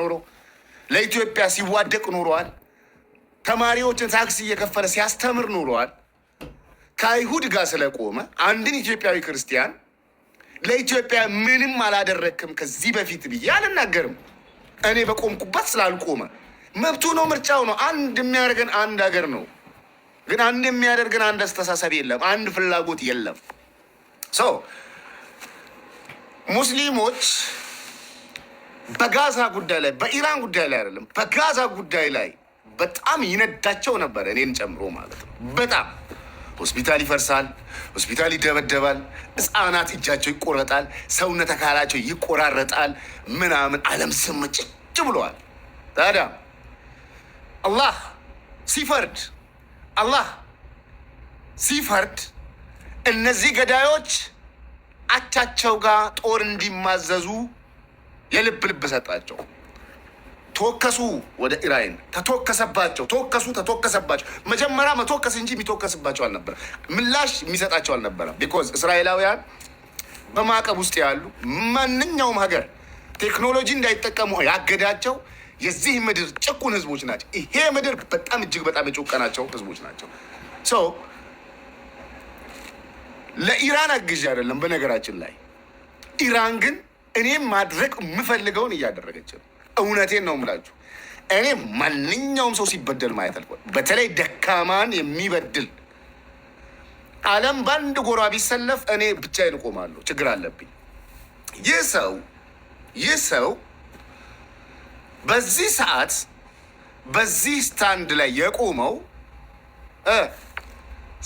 ኖሮ ለኢትዮጵያ ሲዋደቅ ኑሯል። ተማሪዎችን ታክሲ እየከፈለ ሲያስተምር ኑሯል። ከአይሁድ ጋር ስለቆመ አንድን ኢትዮጵያዊ ክርስቲያን ለኢትዮጵያ ምንም አላደረክም ከዚህ በፊት ብዬ አልናገርም። እኔ በቆምኩበት ስላልቆመ መብቱ ነው፣ ምርጫው ነው። አንድ የሚያደርገን አንድ ሀገር ነው። ግን አንድ የሚያደርገን አንድ አስተሳሰብ የለም፣ አንድ ፍላጎት የለም። ሙስሊሞች በጋዛ ጉዳይ ላይ በኢራን ጉዳይ ላይ አይደለም፣ በጋዛ ጉዳይ ላይ በጣም ይነዳቸው ነበር፣ እኔን ጨምሮ ማለት ነው። በጣም ሆስፒታል ይፈርሳል፣ ሆስፒታል ይደበደባል፣ ህፃናት እጃቸው ይቆረጣል፣ ሰውነት አካላቸው ይቆራረጣል፣ ምናምን ስም ስምጭጭ ብለዋል። ታዲያ አላህ ሲፈርድ አላህ ሲፈርድ እነዚህ ገዳዮች አቻቸው ጋር ጦር እንዲማዘዙ የልብ ልብ ሰጣቸው። ቶከሱ ወደ ኢራይን ተቶከሰባቸው። ቶከሱ ተቶከሰባቸው። መጀመሪያ መቶከስ እንጂ የሚተወከስባቸው አልነበረም። ምላሽ የሚሰጣቸው አልነበረም። ቢኮዝ እስራኤላውያን በማዕቀብ ውስጥ ያሉ ማንኛውም ሀገር ቴክኖሎጂ እንዳይጠቀሙ ያገዳቸው የዚህ ምድር ጭቁን ህዝቦች ናቸው። ይሄ ምድር በጣም እጅግ በጣም የጭቆናቸው ህዝቦች ናቸው። ሰው ለኢራን አግዣ አይደለም። በነገራችን ላይ ኢራን ግን እኔም ማድረግ የምፈልገውን እያደረገች ነው። እውነቴን ነው የምላችሁ። እኔ ማንኛውም ሰው ሲበደል ማየት አልኳል። በተለይ ደካማን የሚበድል ዓለም በአንድ ጎራ ቢሰለፍ እኔ ብቻዬን እቆማለሁ። ችግር አለብኝ። ይህ ሰው ይህ ሰው በዚህ ሰዓት በዚህ ስታንድ ላይ የቆመው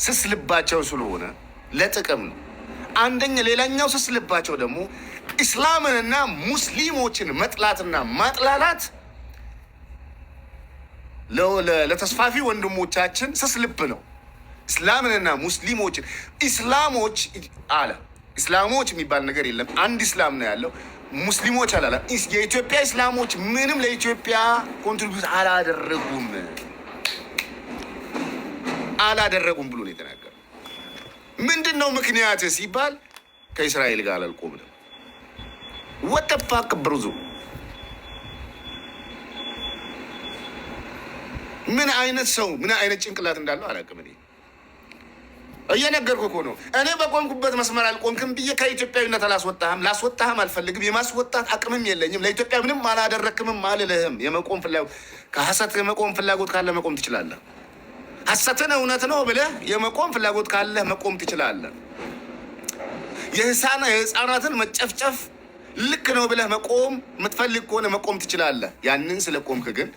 ስስ ልባቸው ስለሆነ ለጥቅም ነው። አንደኛ ሌላኛው ስስ ልባቸው ደግሞ ኢስላምንና ሙስሊሞችን መጥላትና ማጥላላት ለተስፋፊ ወንድሞቻችን ስስ ልብ ነው። እስላምንና ሙስሊሞችን ኢስላሞች አለ ኢስላሞች የሚባል ነገር የለም። አንድ ኢስላም ነው ያለው። ሙስሊሞች አላለ። የኢትዮጵያ ኢስላሞች ምንም ለኢትዮጵያ ኮንትሪቢዩት አላደረጉም አላደረጉም ብሎ ነው የተናገረው። ምንድን ነው ምክንያት ሲባል ከእስራኤል ጋር አላልቆም ነው ወተፋቅ ብርዙ ምን አይነት ሰው ምን አይነት ጭንቅላት እንዳለው አላውቅም። እኔ እየነገርኩህ እኮ ነው። እኔ በቆምኩበት መስመር አልቆምክም ብዬ ከኢትዮጵያዊነት አላስወጣህም፣ ላስወጣህም አልፈልግም። የማስወጣት አቅምም የለኝም። ለኢትዮጵያ ምንም አላደረክምም አልልህም። የመቆም ፍላጎት ከሀሰት የመቆም ፍላጎት ካለ መቆም ትችላለህ። ሀሰትን እውነት ነው ብለህ የመቆም ፍላጎት ካለህ መቆም ትችላለህ። የህፃናትን መጨፍጨፍ ልክ ነው ብለህ መቆም የምትፈልግ ከሆነ መቆም ትችላለህ። ያንን ስለ ቆምክ ግን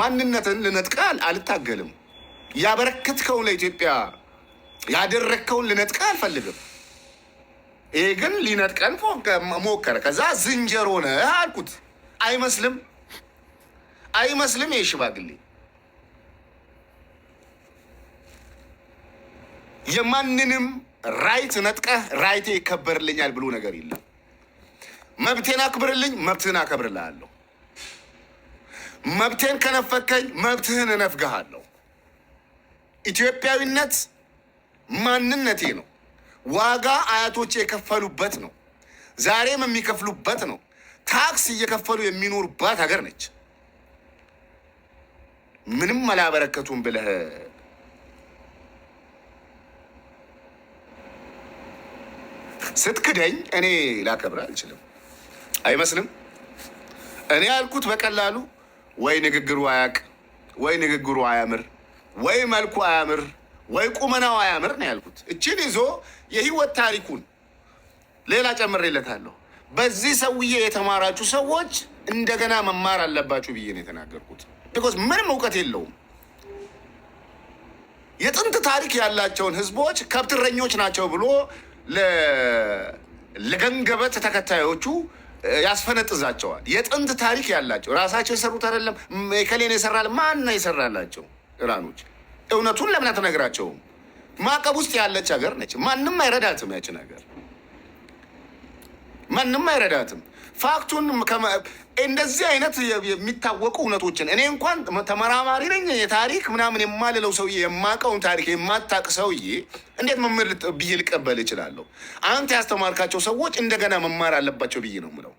ማንነትን ልነጥቀህ አልታገልም። ያበረከትከውን ለኢትዮጵያ ያደረግከውን ልነጥቀህ አልፈልግም። ይሄ ግን ሊነጥቀን ሞከረ። ከዛ ዝንጀሮ ነህ አልኩት። አይመስልም አይመስልም። ይሄ ሽማግሌ የማንንም ራይት ነጥቀህ ራይቴ ይከበርልኛል ብሎ ነገር የለም። መብቴን አክብርልኝ፣ መብትህን አከብርልሃለሁ። መብቴን ከነፈከኝ፣ መብትህን እነፍግሃለሁ። ኢትዮጵያዊነት ማንነቴ ነው። ዋጋ አያቶች የከፈሉበት ነው። ዛሬም የሚከፍሉበት ነው። ታክስ እየከፈሉ የሚኖሩባት ሀገር ነች። ምንም አላበረከቱም ብለህ ስትክደኝ እኔ ላከብር አልችልም። አይመስልም? እኔ ያልኩት በቀላሉ ወይ ንግግሩ አያቅ፣ ወይ ንግግሩ አያምር፣ ወይ መልኩ አያምር፣ ወይ ቁመናው አያምር ነው ያልኩት። እችን ይዞ የህይወት ታሪኩን ሌላ ጨምሬለታለሁ። በዚህ ሰውዬ የተማራችሁ ሰዎች እንደገና መማር አለባችሁ ብዬ ነው የተናገርኩት። ቢኮዝ ምንም እውቀት የለውም። የጥንት ታሪክ ያላቸውን ህዝቦች ከብትረኞች ናቸው ብሎ ለገንገበት ተከታዮቹ ያስፈነጥዛቸዋል። የጥንት ታሪክ ያላቸው ራሳቸው የሰሩት አይደለም ከሌን የሰራል ማና የሰራላቸው ኢራኖች እውነቱን ለምን አትነግራቸውም? ማዕቀብ ውስጥ ያለች ሀገር ነች። ማንም አይረዳትም። ያችን ሀገር ማንም አይረዳትም። ፋክቱን እንደዚህ አይነት የሚታወቁ እውነቶችን እኔ እንኳን ተመራማሪ ነኝ የታሪክ ምናምን የማልለው ሰውዬ የማቀውን ታሪክ የማታቅ ሰውዬ እንዴት መምህር ብዬ ልቀበል እችላለሁ? አንተ ያስተማርካቸው ሰዎች እንደገና መማር አለባቸው ብዬ ነው ምለው።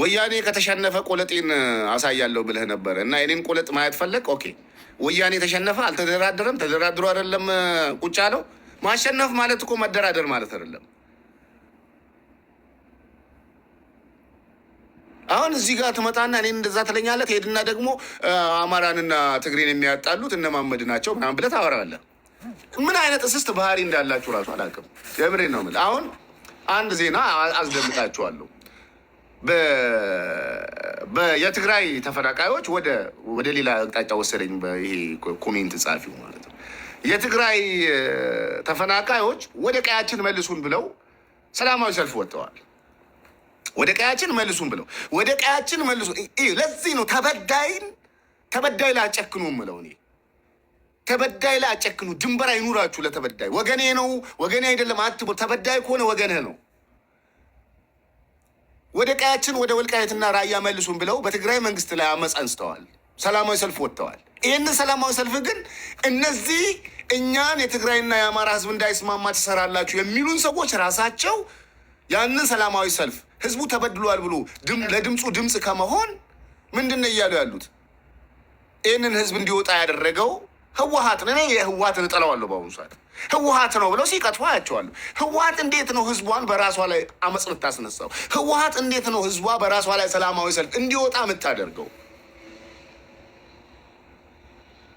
ወያኔ ከተሸነፈ ቆለጤን አሳያለሁ ብለህ ነበረ እና የኔን ቆለጥ ማየት ፈለግ። ኦኬ ወያኔ ተሸነፈ፣ አልተደራደረም። ተደራድሮ አይደለም ቁጭ አለው። ማሸነፍ ማለት እኮ መደራደር ማለት አይደለም። አሁን እዚህ ጋር ትመጣና እኔን እንደዛ ትለኛለህ። ትሄድና ደግሞ አማራንና ትግሬን የሚያጣሉት እነማመድ ናቸው ምናምን ብለህ ታወራለህ። ምን አይነት እስስት ባህሪ እንዳላችሁ ራሱ አላውቅም። የምሬ ነው የምልህ። አሁን አንድ ዜና አስደምጣችኋለሁ። የትግራይ ተፈናቃዮች ወደ ሌላ አቅጣጫ ወሰደኝ። ይሄ ኮሜንት ጻፊው ማለት ነው። የትግራይ ተፈናቃዮች ወደ ቀያችን መልሱን ብለው ሰላማዊ ሰልፍ ወጥተዋል። ወደ ቀያችን መልሱን ብለው ወደ ቀያችን መልሱ። ለዚህ ነው ተበዳይን ተበዳይ ላይ አጨክኑ ምለው እኔ ተበዳይ ላይ አጨክኑ። ድንበር አይኑራችሁ ለተበዳይ። ወገኔ ነው ወገኔ አይደለም አትቦ ተበዳይ ከሆነ ወገንህ ነው። ወደ ቀያችን ወደ ወልቃየትና ራያ መልሱን ብለው በትግራይ መንግስት ላይ አመፅ አንስተዋል። ሰላማዊ ሰልፍ ወጥተዋል። ይህን ሰላማዊ ሰልፍ ግን እነዚህ እኛን የትግራይና የአማራ ህዝብ እንዳይስማማ ትሰራላችሁ የሚሉን ሰዎች ራሳቸው ያንን ሰላማዊ ሰልፍ ህዝቡ ተበድሏል ብሎ ለድምፁ ድምፅ ከመሆን ምንድን ነው እያሉ ያሉት? ይህንን ህዝብ እንዲወጣ ያደረገው ህወሀት ነው። እኔ የህወሀትን እጠላዋለሁ በአሁኑ ሰዓት ህወሀት ነው ብለው ሲቀጥፉ አያቸዋለሁ። ህወሀት እንዴት ነው ህዝቧን በራሷ ላይ አመፅ ምታስነሳው? ህወሀት እንዴት ነው ህዝቧ በራሷ ላይ ሰላማዊ ሰልፍ እንዲወጣ የምታደርገው?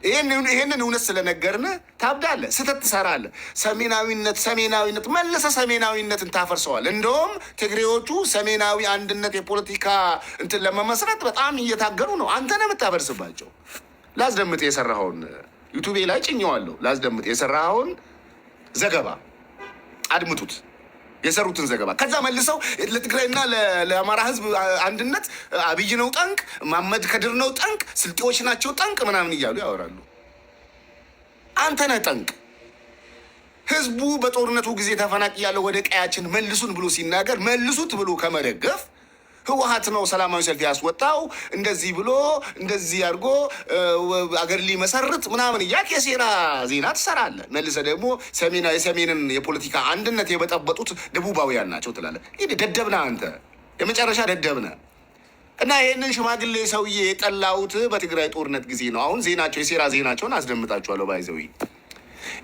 ይህንን እውነት ስለነገርን ታብዳለ ስህተት ትሰራለ ሰሜናዊነት ሰሜናዊነት መለሰ ሰሜናዊነትን ታፈርሰዋል። እንደውም ትግሬዎቹ ሰሜናዊ አንድነት የፖለቲካ እንትን ለመመስረት በጣም እየታገሉ ነው። አንተ ነው የምታፈርስባቸው። ላስደምጥ የሰራኸውን ዩቱቤ ላይ ጭኘዋለሁ። ላስደምጥ የሰራኸውን ዘገባ አድምጡት። የሰሩትን ዘገባ ከዛ መልሰው ለትግራይና ለአማራ ህዝብ አንድነት አብይ ነው ጠንቅ፣ ማመድ ከድር ነው ጠንቅ፣ ስልጤዎች ናቸው ጠንቅ ምናምን እያሉ ያወራሉ። አንተ ነህ ጠንቅ። ህዝቡ በጦርነቱ ጊዜ ያለው ወደ ቀያችን መልሱን ብሎ ሲናገር መልሱት ብሎ ከመደገፍ ህወሀት ነው ሰላማዊ ሰልፍ ያስወጣው እንደዚህ ብሎ እንደዚህ አድርጎ አገር ሊመሰርት ምናምን እያልክ የሴራ ዜና ትሰራለህ። መልሰ ደግሞ ሰሜና የሰሜንን የፖለቲካ አንድነት የበጠበጡት ደቡባውያን ናቸው ትላለህ። ይህ ደደብና አንተ የመጨረሻ ደደብነ እና ይህንን ሽማግሌ ሰውዬ የጠላሁት በትግራይ ጦርነት ጊዜ ነው። አሁን ዜናቸው የሴራ ዜናቸውን አስደምጣችኋለሁ ባይዘዊ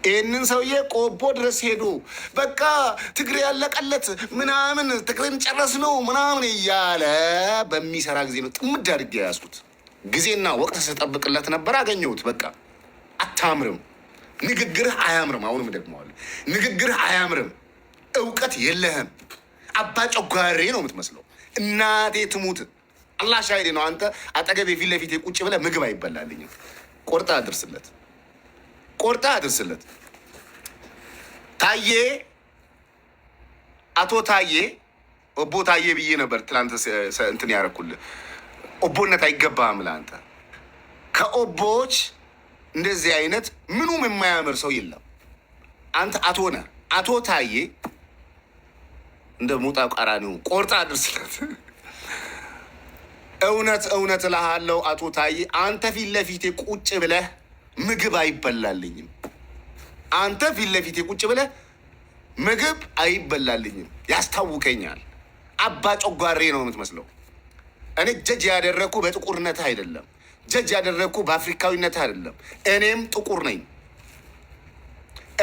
ይህንን ሰውዬ ቆቦ ድረስ ሄዱ። በቃ ትግሬ ያለቀለት ምናምን ትግሬን ጨረስ ነው ምናምን እያለ በሚሰራ ጊዜ ነው ጥምድ አድርጌ ያዝኩት። ጊዜና ወቅት ስጠብቅለት ነበር አገኘሁት። በቃ አታምርም፣ ንግግርህ አያምርም። አሁንም ደግመዋል፣ ንግግርህ አያምርም፣ እውቀት የለህም፣ አባ ጨጓሬ ነው የምትመስለው። እናቴ ትሙት፣ አላህ ሻሂዴ ነው። አንተ አጠገቤ ፊት ለፊት ቁጭ ብለህ ምግብ አይበላልኝም። ቆርጣ አድርስለት። ቆርጣ አድርስለት። ታዬ አቶ ታዬ ኦቦ ታዬ ብዬ ነበር ትናንት እንትን ያደረኩልህ። ኦቦነት አይገባም ለአንተ። ከኦቦዎች እንደዚህ አይነት ምኑም የማያምር ሰው የለም። አንተ አቶ ነህ። አቶ ታዬ እንደ ሞጣ ቃራኒው ቆርጣ አድርስለት። እውነት እውነት እልሃለሁ አቶ ታዬ አንተ ፊት ለፊቴ ቁጭ ብለህ ምግብ አይበላልኝም። አንተ ፊት ለፊቴ ቁጭ ብለህ ምግብ አይበላልኝም፣ ያስታውቀኛል። አባ ጨጓሬ ነው የምትመስለው። እኔ ጀጅ ያደረግኩ በጥቁርነት አይደለም፣ ጀጅ ያደረግኩ በአፍሪካዊነት አይደለም። እኔም ጥቁር ነኝ፣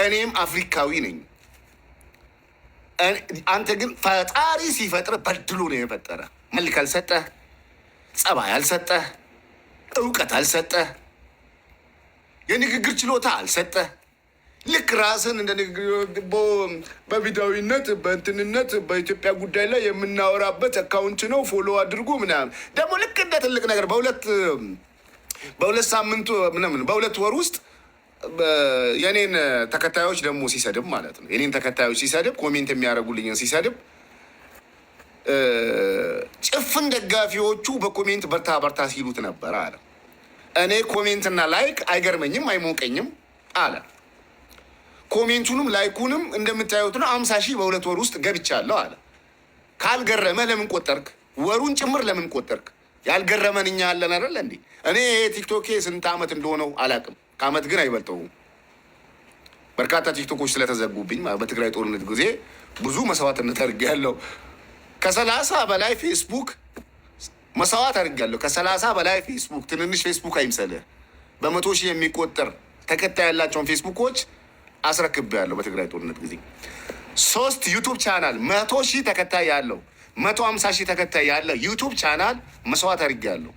እኔም አፍሪካዊ ነኝ። አንተ ግን ፈጣሪ ሲፈጥር በድሎ ነው የፈጠረ። መልክ አልሰጠህ፣ ጸባይ አልሰጠህ፣ እውቀት አልሰጠህ የንግግር ችሎታ አልሰጠ። ልክ ራስን እንደ በቪዳዊነት በእንትንነት በኢትዮጵያ ጉዳይ ላይ የምናወራበት አካውንት ነው፣ ፎሎ አድርጉ ምናምን። ደግሞ ልክ እንደ ትልቅ ነገር በሁለት በሁለት ሳምንቱ ምናምን በሁለት ወር ውስጥ የኔን ተከታዮች ደግሞ ሲሰድብ ማለት ነው። የኔን ተከታዮች ሲሰድብ ኮሜንት የሚያደርጉልኝን ሲሰድብ ጭፍን ደጋፊዎቹ በኮሜንት በርታ በርታ ሲሉት ነበር አለ። እኔ ኮሜንትና ላይክ አይገርመኝም አይሞቀኝም አለ። ኮሜንቱንም ላይኩንም እንደምታዩት ነው። አምሳ ሺህ በሁለት ወር ውስጥ ገብቻለሁ አለ። ካልገረመ ለምን ቆጠርክ? ወሩን ጭምር ለምን ቆጠርክ? ያልገረመን እኛ አለን አይደለ እንዴ? እኔ ይሄ ቲክቶኬ ስንት ዓመት እንደሆነው አላውቅም። ከዓመት ግን አይበልጠውም። በርካታ ቲክቶኮች ስለተዘጉብኝ በትግራይ ጦርነት ጊዜ ብዙ መስዋዕትነት አድርጌያለሁ። ከሰላሳ በላይ ፌስቡክ መሰዋዕት አድርጋለሁ። ከሰላሳ በላይ ፌስቡክ ትንንሽ ፌስቡክ አይምሰልህ በመቶ ሺህ የሚቆጠር ተከታይ ያላቸውን ፌስቡኮች አስረክቤያለሁ። በትግራይ ጦርነት ጊዜ ሶስት ዩቱብ ቻናል መቶ ሺህ ተከታይ ያለው መቶ ሀምሳ ሺህ ተከታይ ያለ ዩቱብ ቻናል መስዋዕት አድርጌያለሁ።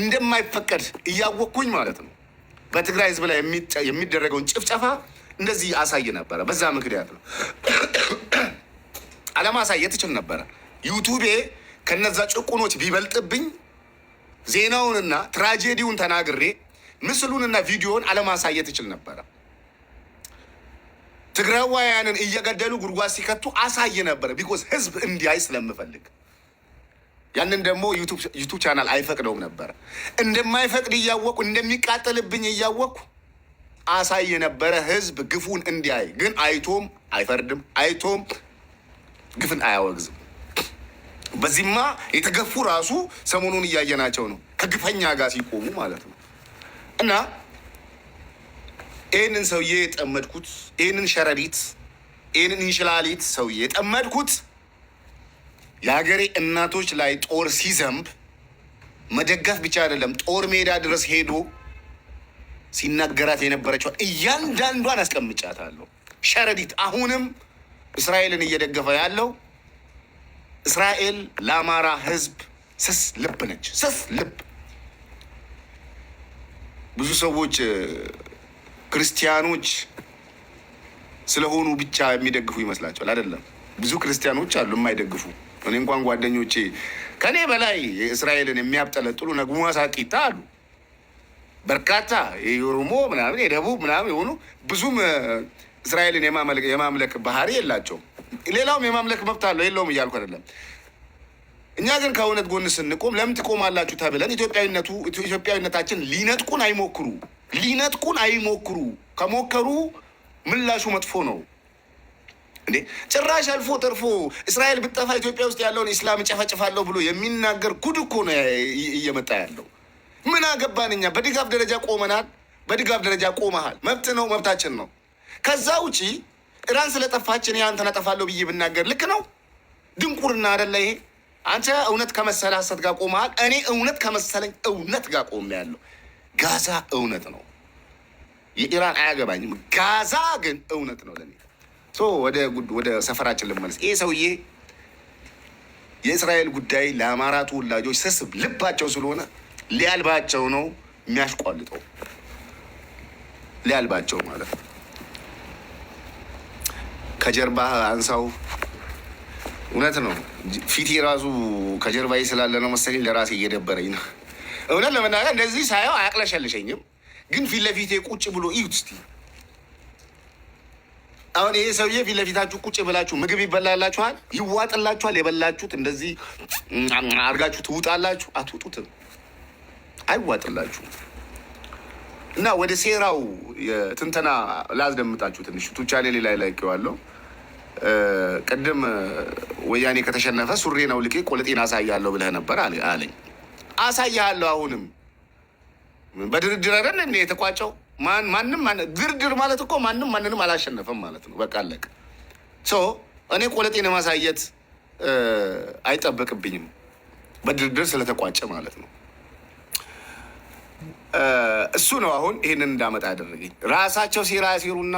እንደማይፈቀድ እያወቅኩኝ ማለት ነው። በትግራይ ህዝብ ላይ የሚደረገውን ጭፍጨፋ እንደዚህ አሳይ ነበረ። በዛ ምክንያት ነው አለማሳየት እችል ነበረ ዩቱቤ ከነዛ ጭቁኖች ቢበልጥብኝ ዜናውንና ትራጄዲውን ተናግሬ ምስሉንና ቪዲዮውን አለማሳየት እችል ነበረ። ትግራዋውያንን እየገደሉ ጉድጓድ ሲከቱ አሳይ ነበረ። ቢኮዝ ህዝብ እንዲያይ ስለምፈልግ ያንን ደግሞ ዩቱብ ቻናል አይፈቅደውም ነበረ። እንደማይፈቅድ እያወቅኩ እንደሚቃጠልብኝ እያወቅኩ አሳይ የነበረ ህዝብ ግፉን እንዲያይ ግን አይቶም አይፈርድም፣ አይቶም ግፍን አያወግዝም። በዚህማ የተገፉ ራሱ ሰሞኑን እያየናቸው ነው፣ ከግፈኛ ጋር ሲቆሙ ማለት ነው። እና ይህንን ሰውዬ የጠመድኩት ይህንን ሸረሪት ይህንን እንሽላሊት ሰውዬ የጠመድኩት የሀገሬ እናቶች ላይ ጦር ሲዘንብ መደገፍ ብቻ አይደለም፣ ጦር ሜዳ ድረስ ሄዶ ሲናገራት የነበረችዋል እያንዳንዷን አስቀምጫታለሁ። ሸረዲት አሁንም እስራኤልን እየደገፈ ያለው እስራኤል ለአማራ ህዝብ ስስ ልብ ነች። ስስ ልብ ብዙ ሰዎች ክርስቲያኖች ስለሆኑ ብቻ የሚደግፉ ይመስላቸዋል። አይደለም። ብዙ ክርስቲያኖች አሉ የማይደግፉ። እኔ እንኳን ጓደኞቼ ከኔ በላይ የእስራኤልን የሚያብጠለጥሉ ነጉማ ሳቂታ አሉ በርካታ የኦሮሞ ምናምን የደቡብ ምናምን የሆኑ ብዙም እስራኤልን የማምለክ ባህሪ የላቸውም። ሌላውም የማምለክ መብት አለው የለውም እያልኩ አይደለም። እኛ ግን ከእውነት ጎን ስንቆም ለምን ትቆማላችሁ ተብለን ኢትዮጵያዊነቱ ኢትዮጵያዊነታችን ሊነጥቁን አይሞክሩ፣ ሊነጥቁን አይሞክሩ። ከሞከሩ ምላሹ መጥፎ ነው። እንዴ ጭራሽ አልፎ ተርፎ እስራኤል ብጠፋ ኢትዮጵያ ውስጥ ያለውን ኢስላም እጨፈጭፋለሁ ብሎ የሚናገር ጉድ እኮ ነው እየመጣ ያለው። ምን አገባን እኛ። በድጋፍ ደረጃ ቆመናል። በድጋፍ ደረጃ ቆመሃል። መብት ነው፣ መብታችን ነው። ከዛ ውጪ ኢራን ስለጠፋች እኔ አንተን አጠፋለሁ ብዬ ብናገር ልክ ነው? ድንቁርና አደለ ይሄ? አንተ እውነት ከመሰለ ሀሰት ጋር ቆመሃል። እኔ እውነት ከመሰለኝ እውነት ጋር ቆም ያለው ጋዛ እውነት ነው። የኢራን አያገባኝም። ጋዛ ግን እውነት ነው ለኔ። ወደ ወደ ሰፈራችን ልመለስ። ይሄ ሰውዬ የእስራኤል ጉዳይ ለአማራ ተወላጆች ስስብ ልባቸው ስለሆነ ሊያልባቸው ነው የሚያሽቋልጠው ሊያልባቸው ማለት ነው። ከጀርባ አንሳው። እውነት ነው። ፊቴ ራሱ ከጀርባዬ ስላለ ነው መሰለኝ ለራሴ እየደበረኝ ነው። እውነት ለመናገር እንደዚህ ሳየው አያቅለሸልሸኝም፣ ግን ፊት ለፊቴ ቁጭ ብሎ እዩት እስኪ። አሁን ይሄ ሰውዬ ፊት ለፊታችሁ ቁጭ ብላችሁ ምግብ ይበላላችኋል፣ ይዋጥላችኋል። የበላችሁት እንደዚህ አርጋችሁ ትውጣላችሁ። አትውጡትም፣ አይዋጥላችሁም። እና ወደ ሴራው ትንተና ላስደምጣችሁ ትንሽ ቱቻሌ ሌላ ላይ ቅድም ወያኔ ከተሸነፈ ሱሬ ነው ልኬ ቆለጤን አሳያለሁ ብለህ ነበር አለኝ። አሳያለሁ። አሁንም በድርድር አይደል እንደ የተቋጨው ማንም ድርድር ማለት እኮ ማንም ማንንም አላሸነፈም ማለት ነው። በቃ አለቅ እኔ ቆለጤን ማሳየት አይጠበቅብኝም በድርድር ስለተቋጨ ማለት ነው። እሱ ነው አሁን ይህንን እንዳመጣ ያደረገኝ። ራሳቸው ሴራ ያሴሩና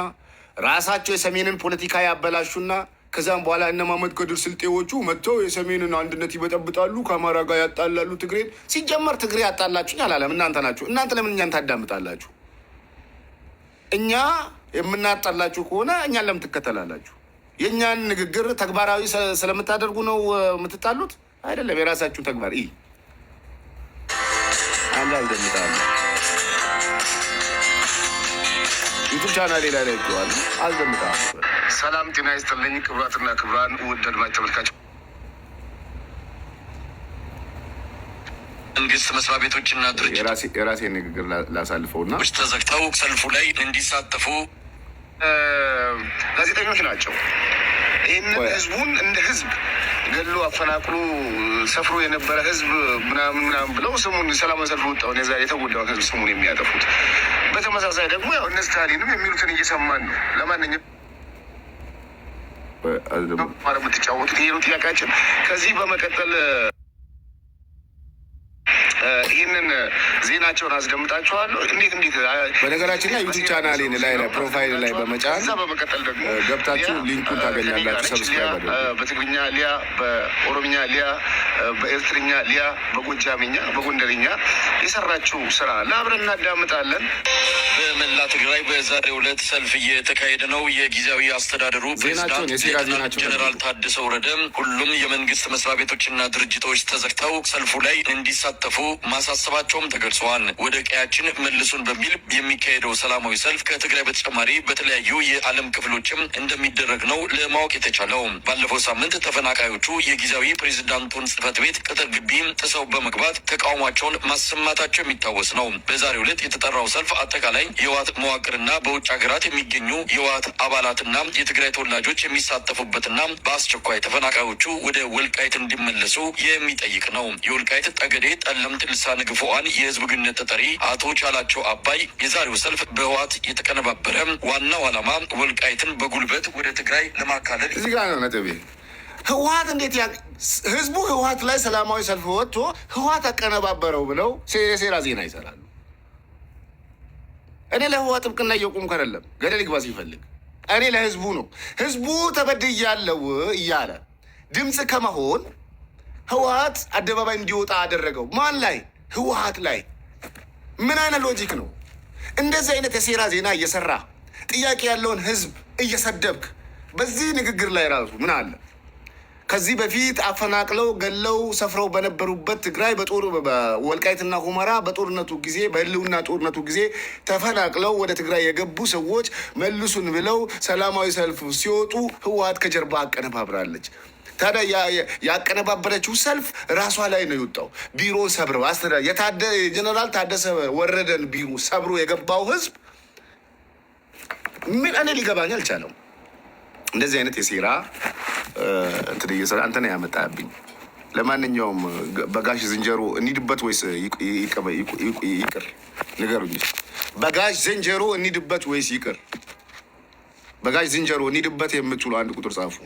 ራሳቸው የሰሜንን ፖለቲካ ያበላሹና ከዛም በኋላ እነ መሐመድ ከድር ስልጤዎቹ መጥተው የሰሜንን አንድነት ይበጠብጣሉ፣ ከአማራ ጋር ያጣላሉ ትግሬን። ሲጀመር ትግሬ ያጣላችሁኝ አላለም፣ እናንተ ናችሁ። እናንተ ለምን እኛን ታዳምጣላችሁ? እኛ የምናጣላችሁ ከሆነ እኛን ለምን ትከተላላችሁ? የእኛን ንግግር ተግባራዊ ስለምታደርጉ ነው የምትጣሉት? አይደለም። የራሳችሁን ተግባር ይ አንዳልደምጣሉ ዩቱብ ቻናሌ ላይ ላይ ይገዋል አልደምጣ። ሰላም ጤና ይስጥልኝ ክቡራትና ክቡራን ውድ አድማጭ ተመልካች መንግስት መስሪያ ቤቶችና ድርጅት የራሴ ንግግር ላሳልፈው ና ተዘግተው ሰልፉ ላይ እንዲሳተፉ ጋዜጠኞች ናቸው። ይህንን ህዝቡን እንደ ህዝብ ገሎ አፈናቅሎ ሰፍሮ የነበረ ህዝብ ምናምን ምናምን ብለው ስሙን ሰላማዊ ሰልፍ ወጣውን የተጎዳውን ህዝብ ስሙን የሚያጠፉት በተመሳሳይ ደግሞ ያው እነ ስታሊንም የሚሉትን እየሰማን ነው። ለማንኛውም የምትጫወቱት ይሄ ነው ጥያቄያችን። ከዚህ በመቀጠል ይህንን ዜናቸውን አስደምጣችኋለሁ። እንዴት እንዴት በነገራችን ላይ ዩቱብ ቻናሌን ላይ ላይ ፕሮፋይል ላይ በመጫን እዛ በመቀጠል ደግሞ ገብታችሁ ሊንኩን ታገኛላችሁ። በትግርኛ ሊያ፣ በኦሮምኛ ሊያ፣ በኤርትርኛ ሊያ፣ በጎጃምኛ፣ በጎንደርኛ የሰራችው ስራ ለአብረን እናዳምጣለን። በመላ ትግራይ በዛሬው ዕለት ሰልፍ እየተካሄደ ነው። የጊዜያዊ አስተዳደሩ ፕሬዚዳንት ጀኔራል ታደሰ ወረደ ሁሉም የመንግስት መስሪያ ቤቶችና ድርጅቶች ተዘግተው ሰልፉ ላይ እንዲሳተፉ ማሳሰባቸውም ተገልጸዋል። ወደ ቀያችን መልሱን በሚል የሚካሄደው ሰላማዊ ሰልፍ ከትግራይ በተጨማሪ በተለያዩ የዓለም ክፍሎችም እንደሚደረግ ነው ለማወቅ የተቻለው። ባለፈው ሳምንት ተፈናቃዮቹ የጊዜያዊ ፕሬዚዳንቱን ጽህፈት ቤት ቅጥር ግቢ ጥሰው በመግባት ተቃውሟቸውን ማሰማታቸው የሚታወስ ነው። በዛሬው ዕለት የተጠራው ሰልፍ አጠቃላይ የህወሓት መዋቅርና በውጭ ሀገራት የሚገኙ የህወሓት አባላትና የትግራይ ተወላጆች የሚሳተፉበትና በአስቸኳይ ተፈናቃዮቹ ወደ ወልቃይት እንዲመለሱ የሚጠይቅ ነው። የወልቃይት ጠገዴ፣ ጠለምት ልሳነ ግፉዓን የህዝብ ግንኙነት ተጠሪ አቶ ቻላቸው አባይ የዛሬው ሰልፍ በህወሓት የተቀነባበረ ዋናው ዓላማ ወልቃይትን በጉልበት ወደ ትግራይ ለማካለል እዚህ ጋር ነው ነጥብ። ህወሓት እንዴት ያ ህዝቡ ህወሓት ላይ ሰላማዊ ሰልፍ ወጥቶ ህወሓት አቀነባበረው ብለው ሴራ ዜና ይሰራሉ። እኔ ለህወሓት ጥብቅና እየቆምኩ አይደለም፣ ገደል ይግባ ሲፈልግ እኔ ለህዝቡ ነው። ህዝቡ ተበድያለው እያለ ድምፅ ከመሆን ህወሀት አደባባይ እንዲወጣ አደረገው። ማን ላይ? ህወሀት ላይ። ምን አይነት ሎጂክ ነው? እንደዚህ አይነት የሴራ ዜና እየሰራ ጥያቄ ያለውን ህዝብ እየሰደብክ በዚህ ንግግር ላይ ራሱ ምን አለ? ከዚህ በፊት አፈናቅለው ገለው ሰፍረው በነበሩበት ትግራይ በጦር ወልቃይትና ሁመራ በጦርነቱ ጊዜ በህልውና ጦርነቱ ጊዜ ተፈናቅለው ወደ ትግራይ የገቡ ሰዎች መልሱን ብለው ሰላማዊ ሰልፍ ሲወጡ ህወሀት ከጀርባ አቀነባብራለች። ታዲያ ያቀነባበረችው ሰልፍ ራሷ ላይ ነው የወጣው። ቢሮ የታደ የጀነራል ታደሰ ወረደን ቢሮ ሰብሮ የገባው ህዝብ ምን እኔ ሊገባኝ አልቻለም። እንደዚህ አይነት የሴራ እንትን እየሰራ አንተ ነው ያመጣብኝ። ለማንኛውም በጋሽ ዝንጀሮ እንሂድበት ወይስ ይቅር ንገሩኝ። በጋሽ ዝንጀሮ እንሂድበት ወይስ ይቅር? በጋሽ ዝንጀሮ እንሂድበት የምትሉ አንድ ቁጥር ጻፉ።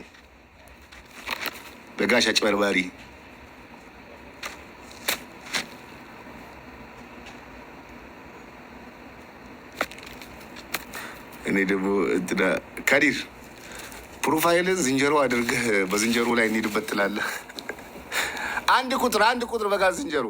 በጋሻጭ በርባሪ እኔ ደግሞ እንትና ከዲር ፕሮፋይልን ዝንጀሮ አድርገህ በዝንጀሮ ላይ እንሄድበት ትላለህ። አንድ ቁጥር አንድ ቁጥር በጋ ዝንጀሮ